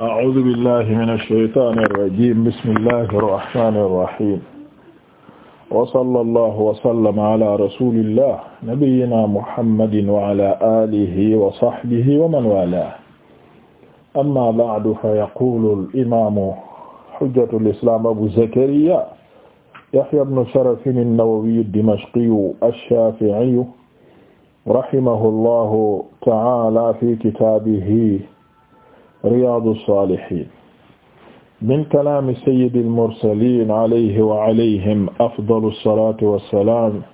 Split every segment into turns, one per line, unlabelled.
a'uuzu billahi mina shaytaani rajiim bismillahi rahmaani rahiim wa sallallahu wa sallama ala rasuulillah nabiyyina muhammadin wa ala aalihi wa sahbihi wa man waalaahu amma ba'du fa yaquulu al-imaamu hujjatul islaam abu zakariya yahya ibnu sharafin an-nawawi ad-dimashqi ash-shaafi'i rahimahu llahu ta'aala fi kitaabihi Riyaadu Saalihiin min kalaami sayyidil mursaliin alayhi wa alayhim afdalu salaati wa salaam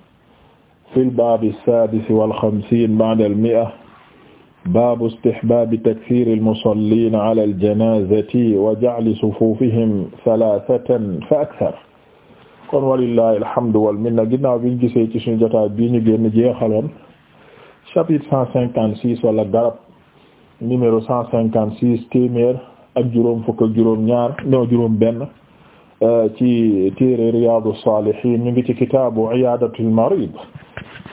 fil baabi saadisi wal xamsiin ba'dal mi'a baabu istihbaabi taksiiril musalliin alal janaazati wa ja'li sufuufihim salaasatan fa akthar. kon walillaahi alhamdu wal minna ginnaaw bi ñu gisee ci suñu jotaay bii ñu génn jeexaloon chapitre 156 wala garab. numéro cent cinquante six téeméer ak juróom fukk ak juróom ñaar ñoo juróom benn euh, ci téere Riyadu Salihin ñu ngi ci kitaabu Iyadatul Marid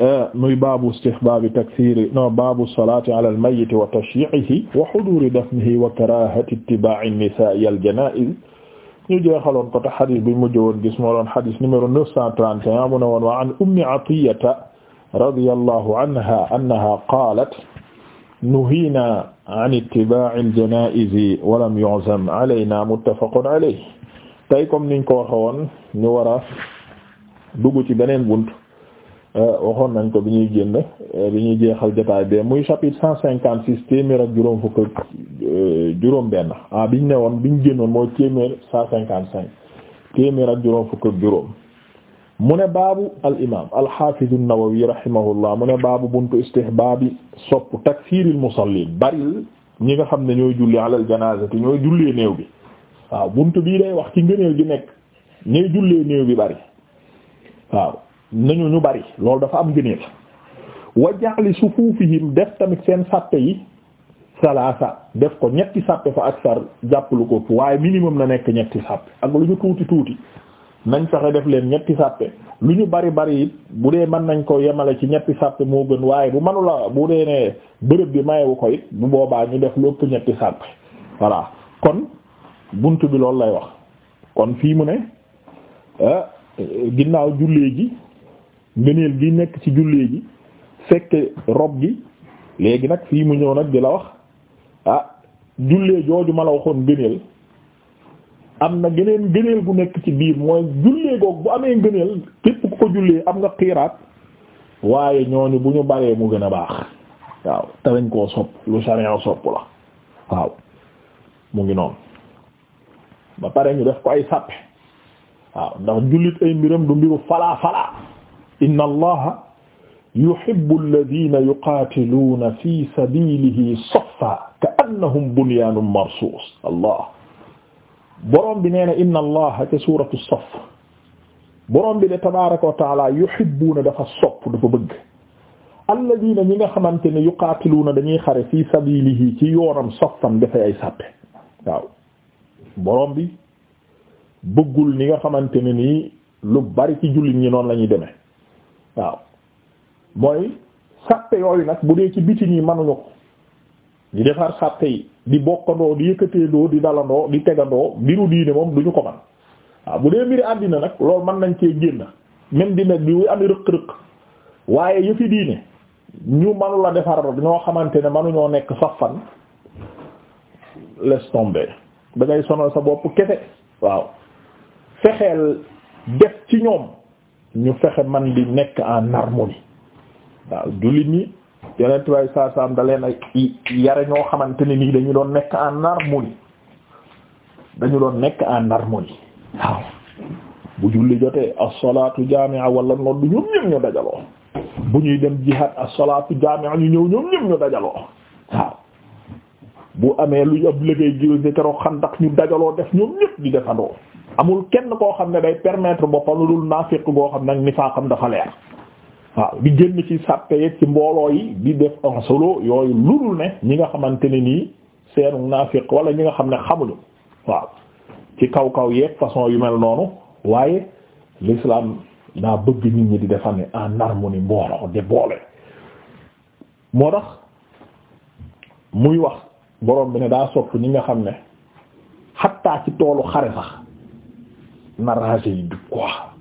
euh, muy baabu istihbaabi takthiri no baabu salaati ala al-mayyit wa tashyi'ihi wa huduri dafnihi wa karaahati ittibaa'i an-nisaa'i al-janaa'iz ñu jeexaloon ko te xadis bi mujj woon gis moo doon xadis numéro 931 mu ne woon wa an ummi atiyata radiyallahu anha annaha qaalat nuhiina an ittiba'i al-janaa'iz wa lam yu'zam alaynaa muttafaqun alayhi tey comme niñ ko waxee woon ñu war a dugg ci beneen bunt euh, waxoon nañ ko bi ñuy génn euh, bi ñuy jeexal jotaay be muy chapitre cent cinquante six téeméer ak juróom fukk ak euh, juróom benn ah, biñ ne woon biñ génnoon mooy téeméer cent cinquante cinq téeméer ak juróom fukk ak juróom mu ne baabu al imaam al xaafiz an-Nawawi rahimahullah mu ne baabu buntu istihbaabi soppu takfiiril musalliin baril ñi nga xam ne ñooy julli alal janaazati ñooy jullee néew bi waaw bunt bii day wax ci ngëneel gi nekk ñooy jullee néew bi bari waaw nañu ñu bari loolu dafa am ngëneel wa ja'li sufuufihim def tamit seen sàppe yi salaasa def ko ñetti sàppe fa aksar jàpp lu ko waaye minimum na nekk ñetti sàppe ak lu ñu tuuti tuuti nañ fexe def leen ñetti sàppe lu ñu bari bari it bu dee mën nañ ko yemale ci ñetti sàppe moo gën waaye bu manula bu dee ne bërëb bi mayewu ko it bu boobaa ñu def lu ëpp ñetti sàppe voilà kon bunt bi loolu lay wax kon fii mu ne ah, ginnaaw jullee ji ngëneel gi nekk ci jullee ji fekk rob gi léegi nag fii mu ñëw nag di la wax ah jullee jooju ma la waxoon ngëneel am na geneen gëneel bu nekk ci biir mooy jullee goog bu amee gëneel képp ku ko jullee am nga xiiraat waaye ñooñu bu ñu balee mu gën a baax waaw te dañ koo sopp lu sariya sopp waaw mu ngi noonu ba pare ñu def ko ay sàppe waaw ndax jullit ay mbiram du mbiru falaa falaa inna allaha yu alladhina yuqaatiluuna fi sabilihi saffan ka annahum bunyaanun allah borom bi nee na inna allaha ca suuratu saf borom bi de tabaaraka wa taala yuhibbuuna dafa sopp dafa bëgg alladina ñi nga xamante ne yuqaatiluuna dañuy xare fi sabilihi ci yoonam saffan dafay ay sàppe waaw borom bi bëggul ni nga xamante ne nii lu bari ci jullit ñi noonu la ñuy waaw mooy sàppe yooyu nag bu dee ci biti nii manuñu ko di defar sàppe yi di bokkandoo di yëkkateendoo di dalandoo di tegandoo mbiru diine moom du ñu ko man waaw bu dee mbiri àddina nag loolu mën nañ cee génn même di nag bi ami rëq-rëq waaye yëfi diine ñu manu la defar ñoo xamante ne manuñoo nekk sax fan laisse tomber da ngay sonal sa bopp kese waaw fexeel def ci ñoom ñu fexe man di nekk en harmonie waaw jullit ñi yonent way saa saam da leen ay yare ñoo xamante ne nii dañu doon nekk en harmonie dañu doon nekk en harmonie waaw bu julli jotee as-salaatu jaami'a wala noddu ñoom ñëpp ñu dajaloo bu ñuy dem jihaad as-salaatu jaami'a ñu ñëw dajaloo waaw bu amee lu ab liggéey gi keroog xandax ñu dajaloo def ñoom ñëpp di defandoo amul kenn koo xam ne day permetre boppam lu dul naafiq goo xam nag nifaaqam dafa leer waaw di génn ci sàppe yeeg ci mbooloo yi di def en solo yooyu ludul ne ñi nga xamante ne nii seen munaafiq wala ñi nga xam ne xamuñu waaw ci kaw kaw yeeg façon yu mel noonu waaye l'islam daa bëgg nit ñi di defar ne en harmonie mbooloo de boole moo tax muy wax borom bi ne daa sopp ñi nga xam ne xattaa ci toolu xare sax na rage yi du quoi.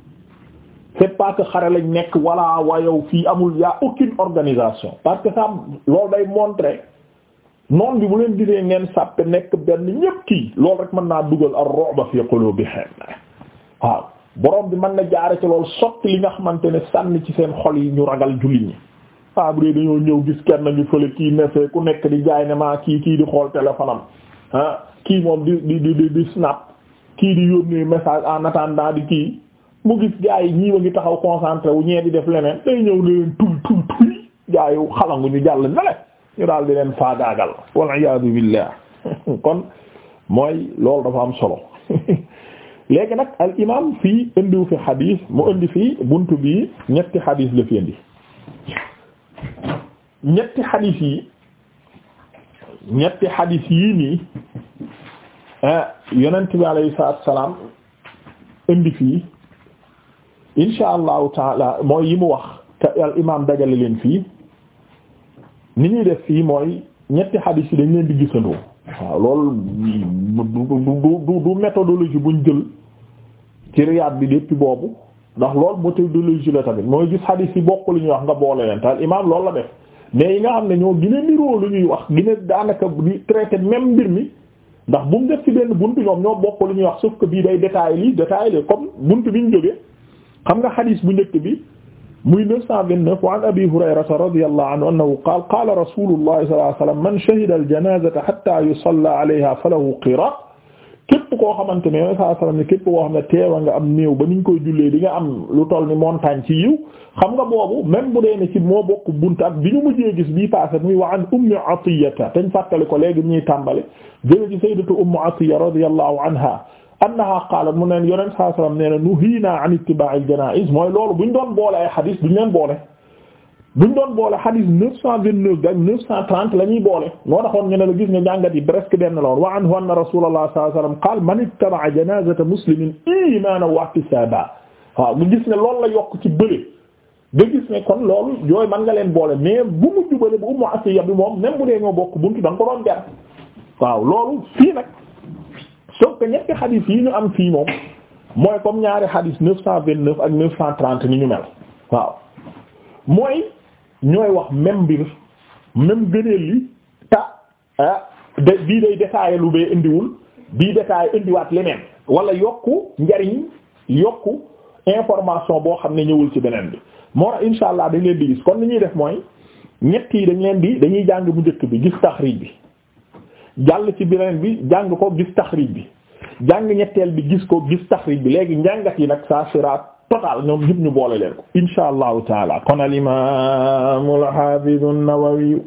c'est pas que xare lañ nekk walla waa yow fii amul y'a aucune organisation parce que ça loolu day montrer noon bi bu leen gisee ngeen sàppe nekk benn ñépp kii loolu rek mën naa dugal ar-ru'ba fi qulubihim waaw borom bi mën na jaare ci loolu sotti li nga xamante ne sànni ci seen xol yi ñu ragal jullit ñi waaw ah, bu dee dañoo ñëw gis kenn ñu fële kii nefee ku nekk di jaay ne maa kii kii di xool téléphone am ah kii moom di di di di snap kii di yónnee message en attendant di kii mu gis gaa yi ñii wa ngi taxaw concentré wu ñee di def leneen day ñëw ne leen xalangu ñu jàll ne ñu daal di leen faagaagal wal iyaadu billah kon mooy loolu dafa am solo léegi nag al imam fii indiwu fi xadiis mu indi fii bunt bi ñetti xadiis la fi indi ñetti xadiis yi ñetti xadiis yii nii eh, yonent bi alayhi salaam indi fii insha allahu taala mooy yi mu wax te al imaam dajale leen fii ni ñuy def fii mooy ñetti xadiis yi dañ leen di gisandoo waaw loolu du du du méthodologie buñ jël ci riyaat bi depuis boobu ndax loolu méthodologie la tamit mooy gis xadiis yi bokk lu ñuy wax nga boole leen te al imaam loolu la def mais yi nga xam ne ñoo gën a lu ñuy wax gën a daanaka di traité même mbir mi ndax bu mu def ci benn buntu ñoom ñoo bokk lu ñuy wax sauf que bii day détaillé lii détaillé comme buntu bi ñu jógee. xam nga xadis bu njëkk bi muy 929 wa an abi hurayrata radiyallahu anhu annahu qaala qaala rasulullahi sallallahu alayhi wa sallam man shahida al-janazata hatta yusalla alayha falahu qira képp koo xamante ne yonent sallallahu alayhi wa képp koo xam ne teewa nga am néew ba niñ koy jullee di nga am lu toll ni montagne ci yiw xam nga boobu même bu dee ne ci moo bokk bunt ak bi ñu mujjee gis bii passé muy wa an a atiyata tañ fàttali ko léegi ñuy tàmbale jële ci sayyidatu ummu atiya radiyallahu anha annaha qaalat mu neen yonent saa sallam nee na nuhiina an ittiba'il janaa'iz mooy loolu bu ñu doon boole ay xadis duñ leen boole bu ñu doon boole xadis neuf cent vingt-neuf ak neuf cent trente la ñuy boole moo taxoon ñu ne la gis nga jàngat yi presque benn la woon wa anhu anna rasulallah sallallahu alayhi wa sallam qaala man ittaba'a janaazata muslimin iimaanan wa ihtisaaban waaw nga gis ne loolu la yokk ci bële nga gis ne kon loolu yooyu mën nga leen boole mais bu mu jubale bu Ummu Atiyya bi moom même bu dee ñoo bokk buntu da nga ko doon jar waaw loolu fii nag sauf que ñetti xadis yi ñu am fii moom mooy comme ñaari xadis neuf cent vingt-neuf ak neuf cent trente ni ñu mel waaw mooy ñooy wax même mbir même gëneel li ta ah, bii day détaillé lu bee indiwul bii détaillé indiwaat leneen wala yokk njariñ yokk information boo xam ne ñëwul ci beneen bi moo tax insha allah dañ leen di gis kon li ñuy def mooy ñett yi dañ leen di dañuy jàng bu njëkk bi gis taxriij bi jàll ci beneen bi jàng ko gis taxrij bi jàng ñetteel bi gis ko gis taxrij bi léegi njàngat yi nag ça sera total ñoom ñëpp ñu boole leen ko insha allahu taala kon al imam al hafiz an-Nawawi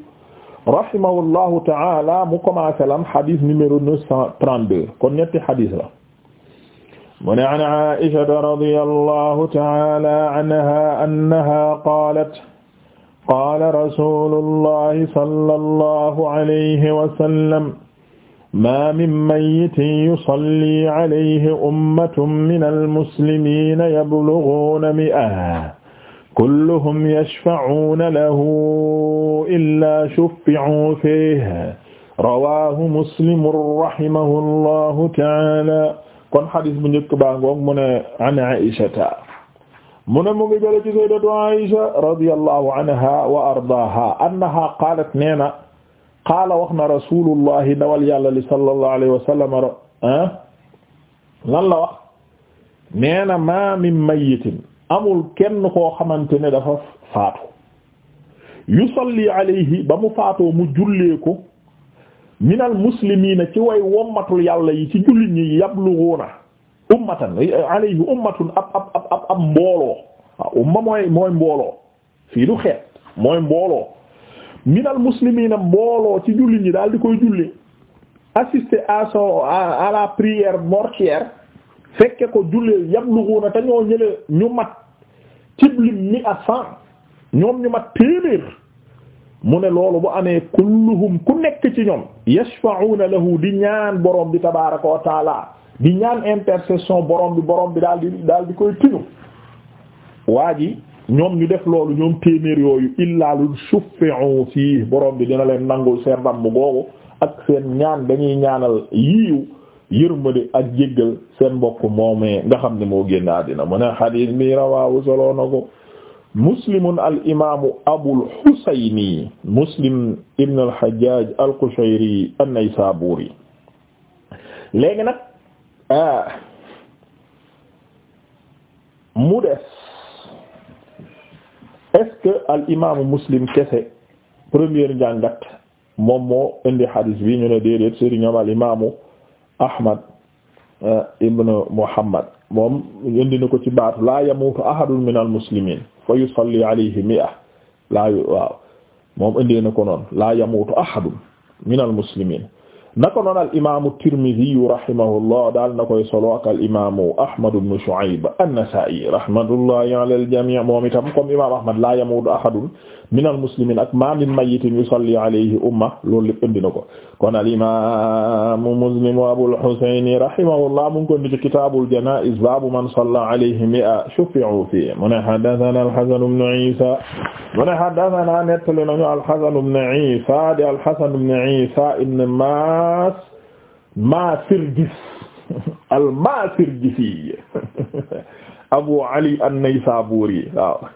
rahimahullahu taala mu commencé lam hadith numéro 932 kon ñetti hadith la mu ne an Aisha radiyallahu taala anha annaha qalat qaala rasuulullahi sallallahu alayhi wa sallam maa min mayyitin yusalli alayhi ummatun minal muslimiina yablughuuna mi'atan kulluhum yashfa'uuna lahu illaa shuffi'uu fiihi rawaahu muslimun rahimahullaahu ta'aalaa kon xadis bu njëkk baa ngoog mu ne an Aysata mu ne mu ngi jële ci sayyidatu Aisha radiyallahu anha wa ardaaha annaha qaalat nee na qaala wax na rasulullahi dawal yàlla li sallallahu alayhi wa sallam ah, lan la wax nee na ma min mayitin amul kenn koo xamante ne dafa faatu yusalli alayhi ba mu faatoo mu jullee ko minal muslimiina ci way wommatul yàlla yi ci jullit ñi yablughuna ummatan alayhi ummatun ab ab ab mbooloo waaw umma mooy mooy mbooloo fii du xeet mooy mbooloo minal muslimina mbooloo ci julli ñi daal di koy julli assister à son la prière mortuaire fekke ko jullee yablughuna te ñoo ñu mat ciblim mi a cent ñoom ñu mat téeméer mu ne loolu bu amee kulluhum ku nekk ci ñoom yashfa'una lahu di ñaan borom bi tabaraka wa bi ñaan intercession borom bi borom bi daal di daal di koy tinu waa ji ñoom ñu def loolu ñoom téeméer yooyu illaa lu suffi'u fii borom bi dina leen nangul seen ràmm googu ak seen ñaan dañuy ñaanal yiiw yërmande ak jéggal seen mbokk moomee nga xam ne moo génn àddina mu ne xadiis bi rawaawu soloo na ko muslimun al imaamu abul xusayni muslim ibn al xajjaaj al qushayri an nag Ah. mu des est-ce que al imaamu muslim kese première njàngat moom moo indi hadis bi ñu ne déedéet sëriñam al imaamu ahmad ah, ibn muhammad moom indi na ko ci baatu laa yamuutu ahadun min al muslimiin fa yusalli alayhi mi'a laa waaw moom indi na ko noon laa yamuutu ahadun min al muslimiin nako noon al imaamu Tirmidhi rahimahullah daal na koy solo ak al imaamu Ahmad ibn Shu'ayb an-Nasa'i rahmatullahi ala al-jami' moom itam comme imaam Ahmad la yamuutu ahadun min al-muslimin ak ma min mayyitin yusalli alayhi umma loolu lépp indi na ko kon al imaamu Muslim wa Abul Husayn rahimahullah mu ngi ko ci kitaabul janaa'iz baabu man salla alayhi mi'a shufi'u fiihi mu ne haddathana al-Hasan ibn Isa mu ne haddathana nettali nañu al-Hasan ibn Isa di al-Hasan ibn Isa ibn ma al-Maas Maasirgis al-Maasirgisi Abu Ali an-Naysaburi waaw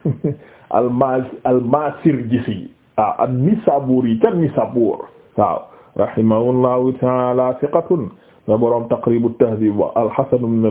al-Maas al-Maasirgisi waaw ah, an-Nisaburi ca Nisabur waaw rahimahullahu ta'ala thiqatun na boroom Taqrib at-Tahdhib wa al-Hasan ibn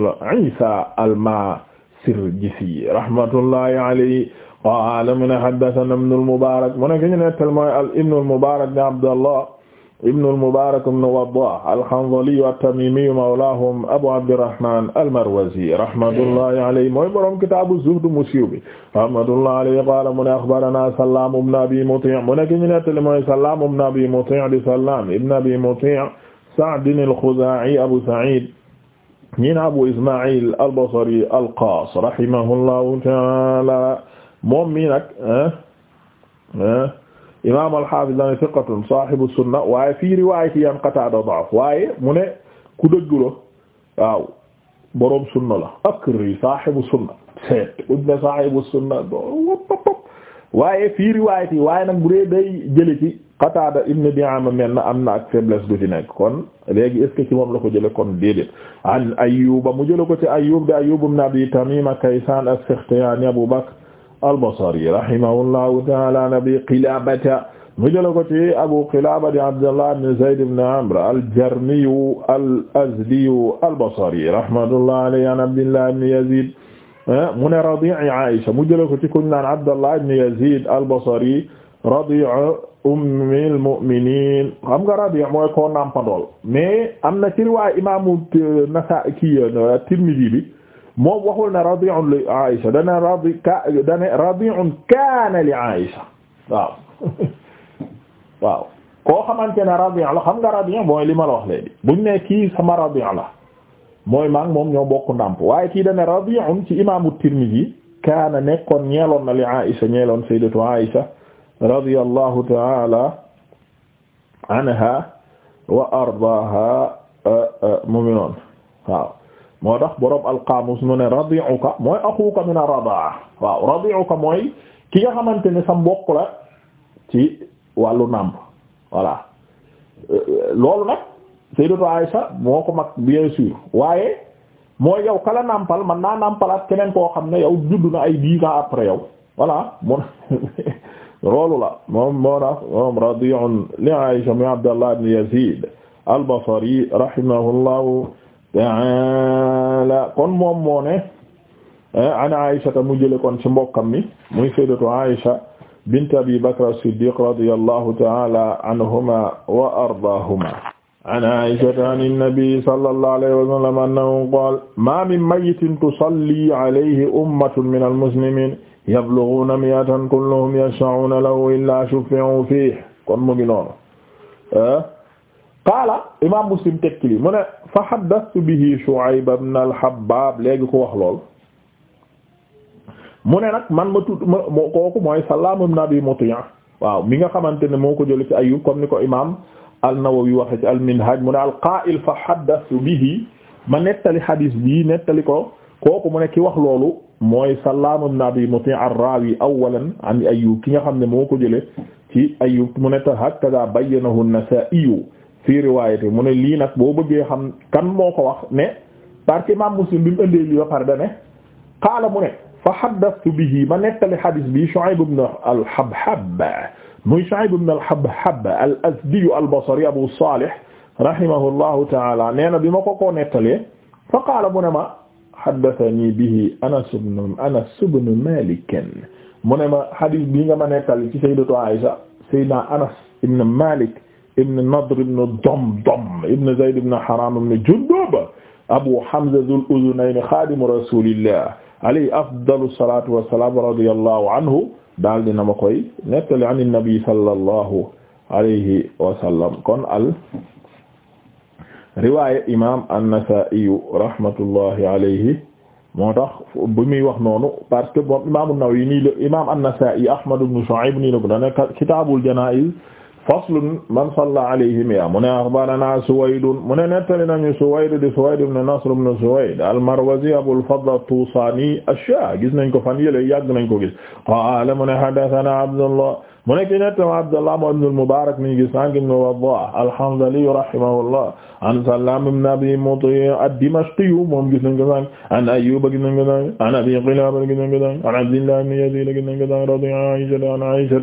Isa al-Maasirgisi rahmatullahi alayhi qaala mu ne haddathana ibn al-Mubarak mu ne ki ñu nettal mooy ibn al-Mubarak ne Abdallah ibn al-Mubarak ibn Waddah al-Hanzali at-Tamimi mawlahum Abu Abdirrahman al-Marwazi rahmatullahi alayhi mooy borom kitaabu zuhd mu siiw bi rahmatullahi alayhi qaala mu ne akhbarana Sallaam ibn Abi Muti' mu nekk ñu nettali mooy Sallaam ibn Abi Muti' di Sallaam ibn Abi Muti' Sa'd al-Khuzaa'i Abu Sa'id ñi na Abu Isma'il al-Basri al-Qaas rahimahullahu ta'ala moom mi nag ah, ah, imaam al-Hafiz dana thiqatun sahibu sunna waaye fii riwaayati yan Qataada da'af waaye mu ne ku dëggu la waaw boroom sunna la akri sahibu sunna seet buñ ne sahibu sunna waaye fii riwaayati waaye nag bu dee day jële ci Qataada ibn Di'aama mel na am na ak faiblesse bu ci nekk kon léegi est-ce que ci moom la ko jële kon déedéet an Ayyuba mu jële ko ci Ayyub di Ayyub ibn Abi Tamiima Kaysaan as-Saxtiyaani Abu Bakr al-Basri rahimahullahu ta'ala nabi Qilabata mu jëla ko ci Abu Qilaba di Abdullah ibn Zayd ibn Amr al-Jarmi al-Azdi al-Basri rahmatullahi alayhi an Abdillah ibn Yazid eh, mu ne Radi' Aisha mu jëla ko ci kuñ naan Abdullah ibn Yazid al-Basri Radi' ummil mu'minin xam nga Radi' mooy koo nampandool mais am na ci riwaaya Imaamu Nasaa'i Tirmidhi bi moo waxul ne rabi'un li Aïsha dana rabi kaana li Aïsha waaw koo xamante ne rabi'un la xam nga rabi'un mooy li ma la wax léegi buñ ne kii sama rabi'un la mooy maag moom ñoo bokk waaye kii dane rabi'un ci imaamu Tirmidhi kaana nekkoon ñeeloon na li Aïsha ñeeloon sayyidatu Aïsha radiyallahu ta'ala anha wa ardaaha mu ngi moo tax borom alqaamus nu ne radi'uka mooy axuka min ar-radaa waaw mooy ki nga xamante ne sa mbokk la ci wàllu nàmp voilà loolu nag sayyidatu Aisha moo ko mag bien sûr waaye mooy yow kala nàmpal man naa nàmpalaat keneen koo xam ne yow judd na ay dix ans après yow voilà mun loolu la moom moo tax moom radi'un li Aisha mi Abdallah ibn Yazid al-Basri ta'ala kon moom moo ne eh, an Aisha ta mu jële kon ci mbokkam mi muy sayyidatu Aisha bint Abi Bakr as-Siddiq radiyallahu ta'ala anhuma wa ardaahuma an Aisha an an-nabi sallallahu alayhi wa sallam annahu qaala ma min mayyitin tusalli alayhi ummatun min al-muslimin yablughuna mi'atan kulluhum yashfa'una lahu illa shuffi'u fihi kon mu ngi noonu eh, qaala imaam muslim tekki li mu ne fa haddastu bihi Shu'ayb ibn al-Habbaab léegi ko wax lool mu ne nag man ma tudd ma kooku mooy Sallaam ibn Abi Mutiya waaw mi nga xamante ne moo ko jële ci Ayyub comme ni ko imaam an-Nawawi waxe ci al-Minhaaj mu ne al-qaa'il fa haddastu bihi ma nettali hadis bii nettali ko kooku mu ne ki wax loolu mooy Sallaam ibn Abi Mutiya ar-raawi awwalan an Ayyub ki nga xam ne moo ko jële ci Ayyub mu ne ta hakaza bayyanahu an-Nasaa'i fii riwaayati mu ne lii nag boo bëggee xam kan moo ko wax ne parce que imam Muslim bi mu ëndee lii ba pare da ne qaala mu ne fa haddathtu bihi ma nettali hadis bi Shu'ayb ibn al-Habhab muy Shu'ayb ibn al-Habhab al-Azdi al-Basri Abu Salih rahimahullahu ta'ala nee na bi ma ko koo nettalee fa qaala mu ne ma haddathani bihi Anas ibn Anas ibn Malik mu ne ma hadis bii nga ma nettali ci sayyidatu Aisha sayyidina Anas ibn Malik ibn Nadr ibn Damdam ibn Zayd ibn Haram ibn Jundub Abu Hamza Dhul Udhunayn xaadimu rasulillah alayhi afdalu salatu wa salaam radiyallahu anhu daal dina ma koy nettali an nabi sallallahu alayhi wa sallam kon al riwaaya imaam an-Nasaa'i rahmatullahi alayhi moo tax bu muy wax noonu parce que moom imaam an-Nawawi nii la imaam an-Nasaa'i Ahmad ibn Shu'ayb nii la ko daan nekk kitaabul janaa'iz faslun man salla alayhi mi'a mu ne akhbarana Suwayd mu ne nettali nañu Suwayd di Suwayd ibn Nasr ibn Suwayd al-Marwazi Abul Fadl at-Tusani ash-Shah gis nañ ko fan yële yàgg nañ ko gis qaala mu ne haddathana Abdullah mu nekk nettam Abdullah ibn al-Mubarak mi ngi sànq ibn Waddah al-Hanzali rahimahullah an Sallam ibn Abi Muti' ad-Dimashqi moom gis nañ ko sànq an Ayyub gis nañ ko sànq an Abi Qilaba gis nañ ko sànq an Abdillah ibn Yazid gis nañ ko sànq an Aisha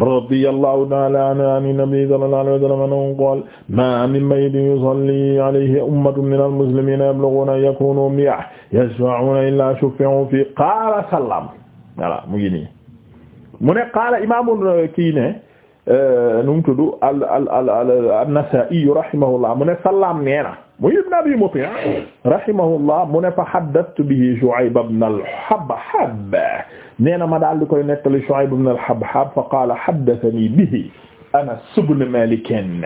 radiyallahu ta'ala anha an Nabi sallallahu alayhi wa sallam annahu qala ma min mayyit yusalli alayhi ummatun min al-muslimina yablughuna yakunu mi'a yashfa'una illa shuffi'u fi qala Sallam voilà mu ngi nii mu ne qaala imaamul euh, kii ne euh, nu mu tudd al al al al an-Nasaa'i rahimahullah mu ne Sallaam nee na muy ibn Abi Muti' rahimahullah mu ne fa haddathtu bihi Shu'ayb ibn al-Habhab nee na ma daal di koy nettali Shu'ayb ibn al-Habhab fa qaala haddathanii bihi Anas ibn Maalik an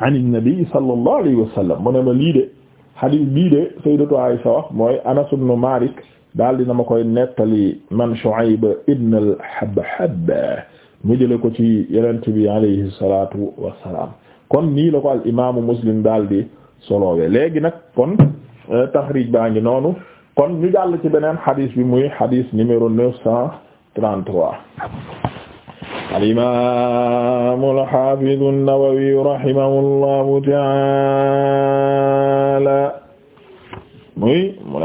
an-Nabi sallallahu alayhi wa sallam mu ne ma lii de hadiis bii de Sayyidatu Aisha wax mooy Anas ibn Maalik daal dina ma koy nettali man Shu'ayb ibn al-Habhab mu jël ko ci yonent bi alayhi salaatu wassalaam kon nii la ko al imaamu Muslim daal di soloowe léegi nag kon euh, taxriij baa ngi noonu kon ñu jàll ci beneen xadis bi muy xadis numéro neuf cent trente-trois al imaamu al-Haafidu an-Nawawi rahimahullahu ta'aala muy mu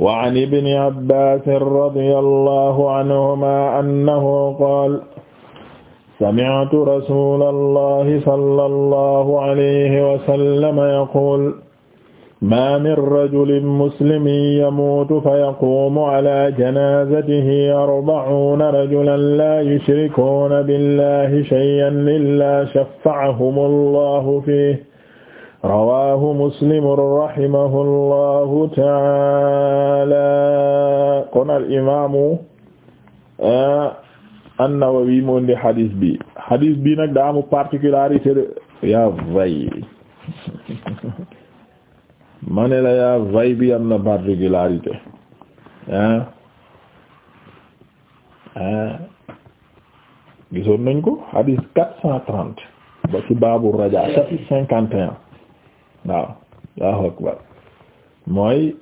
wa an ibni abbaasin radiyallahu anhumaa annahu qaala sami'tu rasuulallahi sallallahu alayhi wa sallam yaquulu maa min rajulin muslimin yamuutu fayaquumu alaa janaazatihi arba'uuna rajulan laa yushrikuuna billahi shay'an illaa shaffa'ahumullahu fiihi rawaahu muslim rahimahullahu taala kon al imaamu eh, an-Nawawi moo indi hadis bi hadis bi nag daa am particularité de vay ma ne la yaa vay am na particularité ah ah gisoon nañ ko hadis quatre cent trente cinquante et waaw Allahu akbar mooy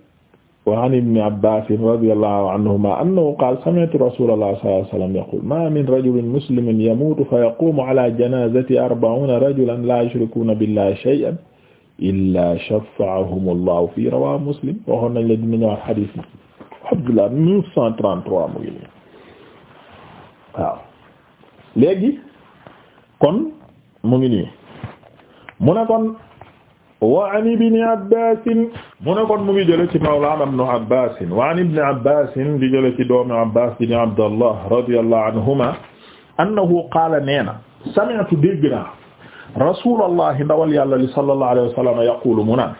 wa an ibni abbasin radiyallahu anhuma annahu qaala sami'tu rasulallah sallallahu alayhi wa sallam yaqul ma min rajulin muslimin yamuutu fa yaqumu ala janazati arba'una rajulan la yushrikuuna billahi shay'an illa shaffa'ahum allahu fi rawahu muslim waxoon nañ la dina ñëwaat xadis bi Abdullah 933 mu ngi nii waaw léegi kon mu ngi nii mu ne kon wa an ibni abbasin mu ne kon mu ngi jële ci mawlaana ibnu abbasin wa an ibni abbasin di jële ci doomi abbas ibni abdallah radiyallahu anhuma annahu qaala neena sami'tu dégg naa rasulallahi ndawal yàlla li sallallahu alayhi wa sallam yaqulu mu naan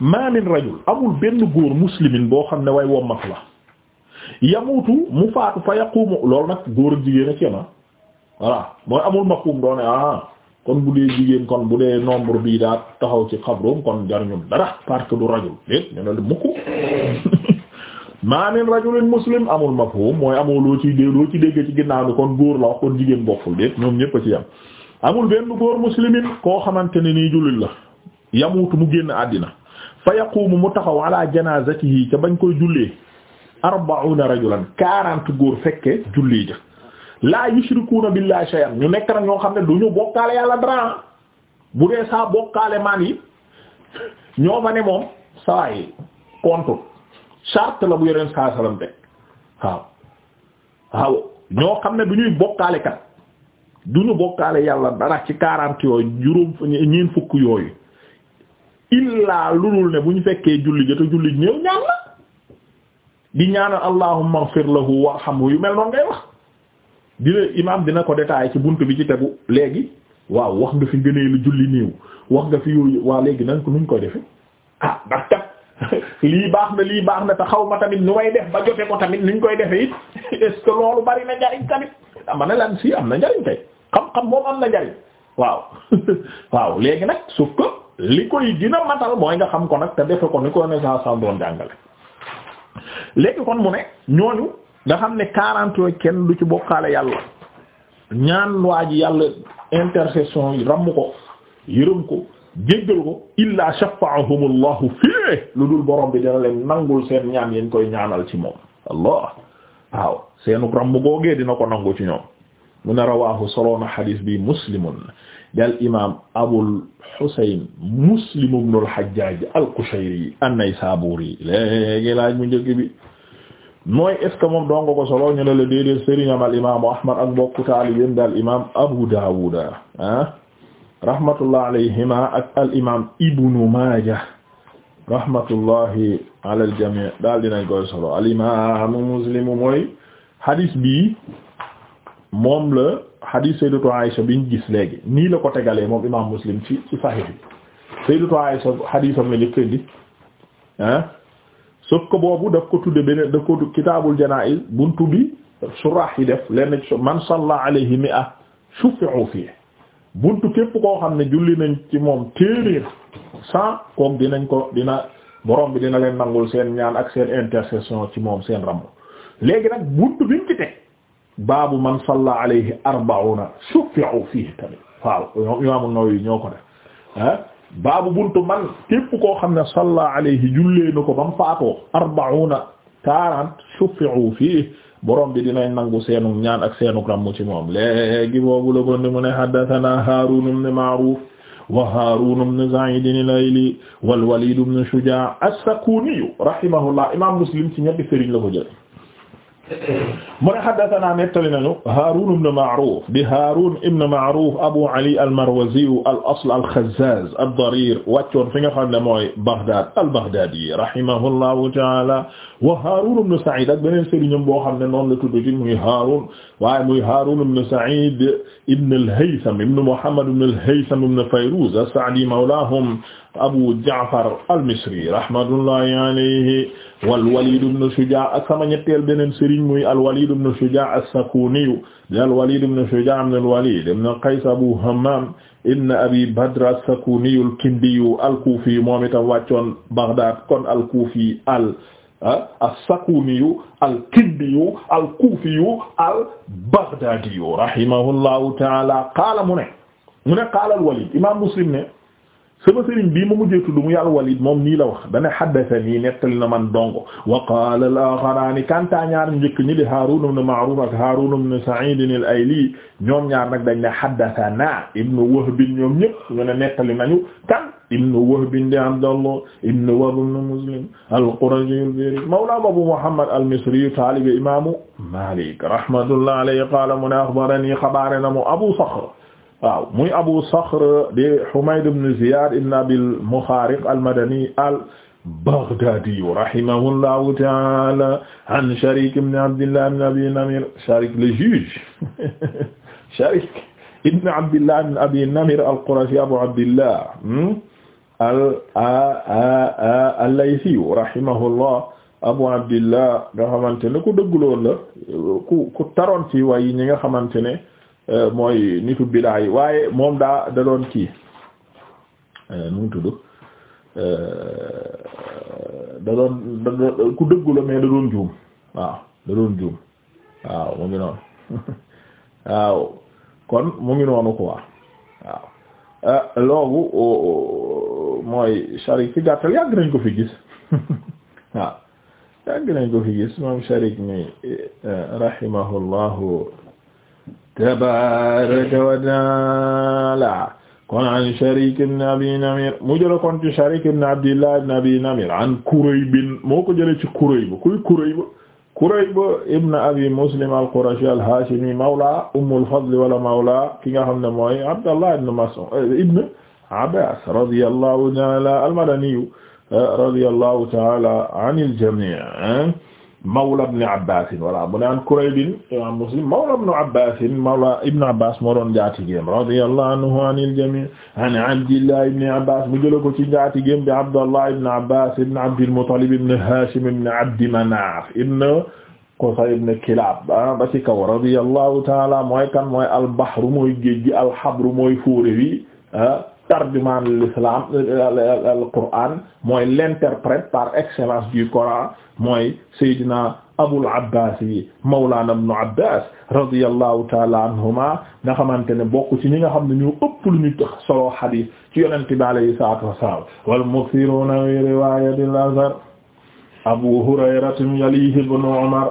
ma min rajul amul benn góor muslimin boo xam ne way wommat la yamutu mu faatu fa yaqumu loolu nag góor ak jigéen a ci yema ah, voilà mooy amul mafhum doone ah kon bu dee jigéen kon bu dee nombre bii daa taxaw ci xabrum kon jaruñu dara parce que du rajul déet ñu ne lu mukk maa min rajulin muslim amul mafhum mooy amul loo ciy dee loo ci dégg ci ginnaaw ni góor la jigéen bokkul ñoom ñépp ci yam amul benn góor muslimin koo xamante ne nii jullit la yamutu mu génn àddina fa yaqumu mu taxaw ala janazatihi ca bañ koy jullee arbauna rajulan quarante góor fekke julli ja laa yushrikuuna billahi shay'an ñu nekk nag ñoo xam ne du ñu bokkaale yàlla dara bu dee saa bokkaale maan yi ñoo fa ne moom saa yi kontu charte la bu yoreen saa salaam waaw waaw ñoo xam ne du ñuy bokkaale kat du ñu bokkaale yàlla dara ci quarante yooyu juróom ñeen fukk yooyu illaa lulul ne bu ñu fekkee julli jota julli néew ñaan la di ñaanal allahumma ighfir lahu warhamhu yu mel noonu ngay wax dina imaam dina ko détaillé ci bunt bi ci tegu léegi waaw wax nga fi ngëneelu julli néew wax nga fi yooyu waaw léegi nañ ko nuñ koy defe ah ndax lii baax na lii baax na te xaw ma tamit nu may def ba jote ko tamit nuñ koy defe it est loolu bari na njariñ tamit ama ah na lan si am na njariñ tey xam-xam moom am na njariñ waaw waaw léegi nag sauf que li koy dina matal mooy nga xam ko nag te defe ko ni ko ne saa saa doon jàngale léegi kon mu ne ñooñu nga xam ne quarante yooyu kenn du ci bokkaale yàlla ñaan waa ji yàlla intercession yi ramm ko yërëm ko jéggal ko illaa fii lu dul borom bi dina leen nangul seen ñaan yeen koy ñaanal ci moom allah waaw seenu ramm googee dina ko nangu ci ñoom mu ne rawahu soloona xadis bi muslimun dal imam abul husayn muslim ibn al hajjaj al qushayri an-naysaburi léegi laaj mu njëkk bi mooy est ce que moom dongo ko solo ñu ne la déedéet sëriñam al imaamu ahmad ak bokku taalibeem daal imaam abu daawuda ah alayhima ak al imaam ibnu maaja rahmatullahi ala jamii daal dinañ koy solo al imaamu muslimu mooy hadis bi moom la hadis sayyidatu Aisha biñ gis léegi nii la ko tegalee moom imaam muslim ci ci sahih bi sayyidatu Aisha la njëkk sauf boobu def ko tudde beneen daf ko kitaabul janaa'iz buntu bi surah yi def lenn ci man salla alayhi mi'a shufi'u fihi buntu képp koo xam ne julli nañ ci moom téeréer sans koog dinañ ko dina borom bi dina leen nangul seen ñaan ak seen intercession ci moom seen rambu léegi nag buntu biñ baabu man salla alayhi arba'una shufi'u fihi tamit waaw ñoom Imam ko def ah baabu buntu man képp koo xam ne salla alayhi jullee na ko ba mu faatoo arbauna quarante shufi'u fii borom bi dinañ nangu seenu ñaan ak seenu rammu ci moom léegi boobu la ko ni mu ne haddathana Haarun ibn Ma'ruf wa Haarun ibn Sa'id al-Ayli wal Walid ibn Shuja' as-Sakuni rahimahullah imam Muslim ci ñetti sëriñ la ko jël mu ne haddasanaa nettali nañu Haaruun ibn Ma'ruuf di Haaruun ibn Ma'ruuf Abu Ali al-Marwazi al-asl al-Khazzaaz ad-Dariir wàccoon fi nga xam ne mooy Baghdaad al-Baghdaadi rahimahullahu ta'aala wa Haaruun ibn Sa'iid ak beneen sëriñam boo xam ne noonu la tudd ci muy Haaruun waaye muy Haaruun ibn Sa'iid ibn al-Haytham ibn Muhammad ibn al-Haytham ibn Fayruuz as-Sa'di mawlaahum Abu Ja'far al-Misri rahmatullahi alayhi wal Walid ibn Shujaa ak sama ñetteel beneen sëriñ muy al Walid ibn Shujaa as-Sakuniyu di al Walid ibn Shujaa ibn al Walid ibn Qays Abu Hammam ibn Abi Badr as-Sakuniyu al-Kindiyu al-Kufi moom itam wàccoon Baghdad kon al-Kufi al ah, as-Sakuniyu al-Kindiyu al-Kufiyu al-Baghdadiyu rahimahullahu ta'ala qaala mu ne mu ne qaala al-Walid imaam Muslim ne sama sëriñ bii ma mujjee tudd mu walid moom nii la wax dana haddathani nettali na man wa qaala al-aaxaraani kanta ñaar njëkk ñi di Haaruun ibn Ma'ruuf ak Haaruun ibn Sa'iid al-Ayli ñoom ñaar nag dañ ne haddathanaa ibn Wahb ñoom ñëpp ñu ne nettali nañu kan ibn Wahb di Abdallah ibn Wahb ibn Muslim al-Qurashi al-Fihri mawla Abu Muhammad al-Misri taalibu imaamu Maalik rahmatullahi na mu Abu Sakhr waaw muy Abu Sakhr di Humayd ibn Ziyad ibn Abil Mukhariq al-Madani al-Baghdadi rahimahullahu ta'ala an Sharik ibn Abdillah ibn Abi Namir Sharik le juge Sharik ibn Abdillah ibn Abi Namir al-Qurashi Abu Abdillah hmm? al-Laythi rahimahullah Abu Abdillah nga xamante ne ku dëgguloon la ku ku taroon ci way ñi nga xamante ne Euh, mooy nitu bidaa yi waaye moom daa da doon kii euh, nu mu tudd euh, da doon da doon ku dëggu la da doon juum waaw da doon juum waaw mu ngi noonu waaw kon mu ngi noonu quoi waaw loolu mooy Sharik ci gàttal yàgg nañ ko fi gis waaw yàgg nañ ko fi gis moom Sharik ni eh, rahimahullahu tabaaraka wa ta'aala kon an Sharik ibn Abi Namir mu jëla kon ci Sharik ibn Abdillah ibn Abi Namir an Kurayb moo ko jële ci Kurayb kuy Kurayb Kurayb ibn Abi Muslim al-Qurashi al-Hashimi mawla Ummul Fadl wala mawla ki nga xam ne mooy Abdallah ibn Mas'ud ibn Abbas radiyallahu ta'ala al-Madani radiyallahu ta'ala anil jami' mawla ibn Abbas voilà mu ne an Kuraybin imam Muslim mawla ibn Abbas mawla ibn Abbas moo doon njaatigéem radiyallahu anhu anil jami' an Abdillah ibn Abbas mu jëla ko ci njaatigéem bi Abdallah ibn Abbas ibn Abdil Muttalib ibn Hashim ibn Abdi Manaf ibn Qusay ibn Kilab ah, ba ci kaw radiyallahu ta'ala mooy kan mooy al-bahru mooy géej gi al-habru mooy fóore wi ah, tarjumaan l'islam al euh, euh, euh, Qur'an mooy l'interprète par excellence du Coran mooy Seydina Abul Abbas yi Mawlana Ibn Abbas radiyallahu ta'ala anhuma nga xamante ne bokk ci ñi nga xam ne ñoo ëpp lu ñu solo hadith ci Yonent bi alayhi salaatu wassalaam wal mukthiruna fi riwayati al-athar Abu Hurayra yalihi Ibn Umar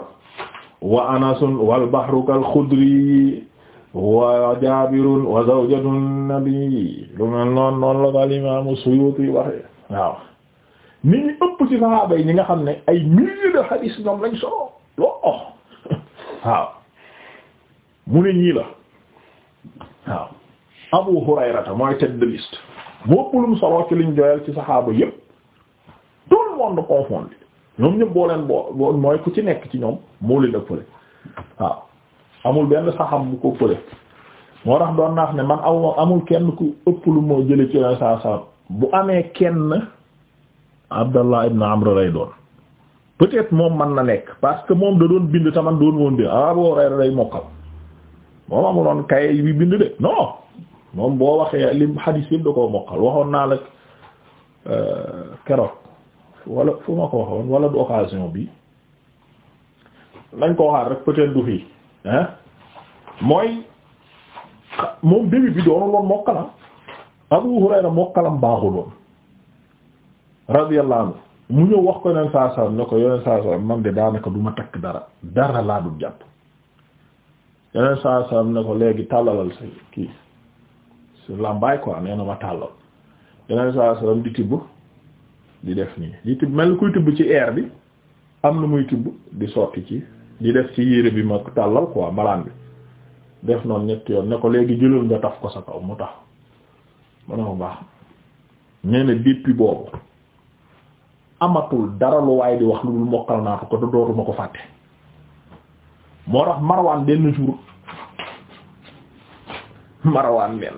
wa Anas wal bahru kal Khudri waa jaabirun wa zawjatu nabi lu mel noonu noonu imaamu Suyuuti waxee waaw nit ëpp ci saxaaba yi ñi nga xam ne ay milliers de hadith ñoom lañ solo lo waaw mu ne ñii la waaw Abu Hurayrata mooy tête de moo ëpp solo ci liñ joyal ci saxaaba yépp tout le monde confondu ñoom ñëpp boo leen mooy ku ci nekk ci ñoom moo leen ëppale waaw amul benn saxam bu ko fële moo tax doon naax ne man aw amul kenn ku ëpp lu moo jële ci yoneen saa saa bu amee kenn Abdallah ibn Amr lay doon peut-être moom man na nekk parce que moom da doon bind taman doon woon bind Abu Hurayra day mokkal moom bind moom boo waxee lim xadiis yëpp da koo mokkal waxoon naa la euh, keroog wala fu ma ko waxoon wala du occasion bi nañ ko waxaat rek peut du fii ah mooy moom début bi doonul woon mokkala Abu Hurayra mokkalam baaxul woon radiyallahu anhu mu ñëw wax ko yeneen saa saa ne ko yeneen saa saa man de daanaka du ma takk dara dara laa dul jàpp yeneen saa saa ne ko léegi tàllalal sa kii su làmbaay quoi nee na ma tàllal yeneen saa saa di tibb di def nii di tibb mel kuy tibb ci air bi am lu muy tibb di sotti ci. di def ci yére bi ma tàllal quoi mbalaan bi def noonu ñetti yoon ne ko léegi jëlal nga taf ko sa kaw mu tax mu ne ko baax nee na boobu amatul dara lu waaye di wax lu dul mokkal naa ko te dootuma ko fàtte moo tax Marwan benn jour Marwan mel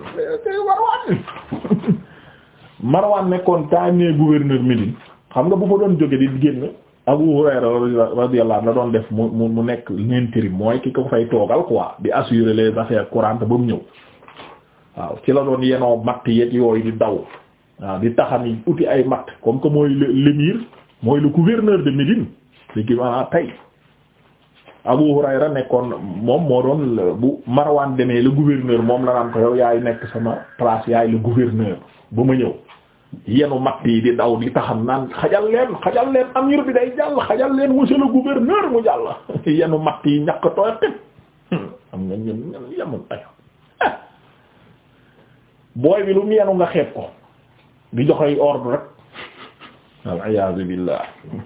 Marwan Marwan nekkoon taa nee gouverneur Médine xam nga bu fa doon jóge di génn Abu Hurayra radiyallahu anhu la doon def mu mu nekk l'intérim mooy ki ko fay toogal quoi di assurer les affaires courantes ba mu ñëw waaw ci la doon yenoo matt yeeg yooyu di daw waaw di taxani uti ay matt comme que mooy l'émir mooy le gouverneur de Médine li ki maanaam tey Abu Hurayra nekkoon moom moo doon bu Marwan demee le gouverneur moom la naan ko yow yaay nekk sama place yaay le gouverneur ba ma ñëw yenu matt yi di daw di taxam naan xajal leen xajal leen amir bi day jàll xajal leen monsieur le gouverneur mu jàll yenu matt yi ñàkk tooy xit am booy bi lu mu yenu nga xeeb ko di joxey ordre rek al iyaazu billah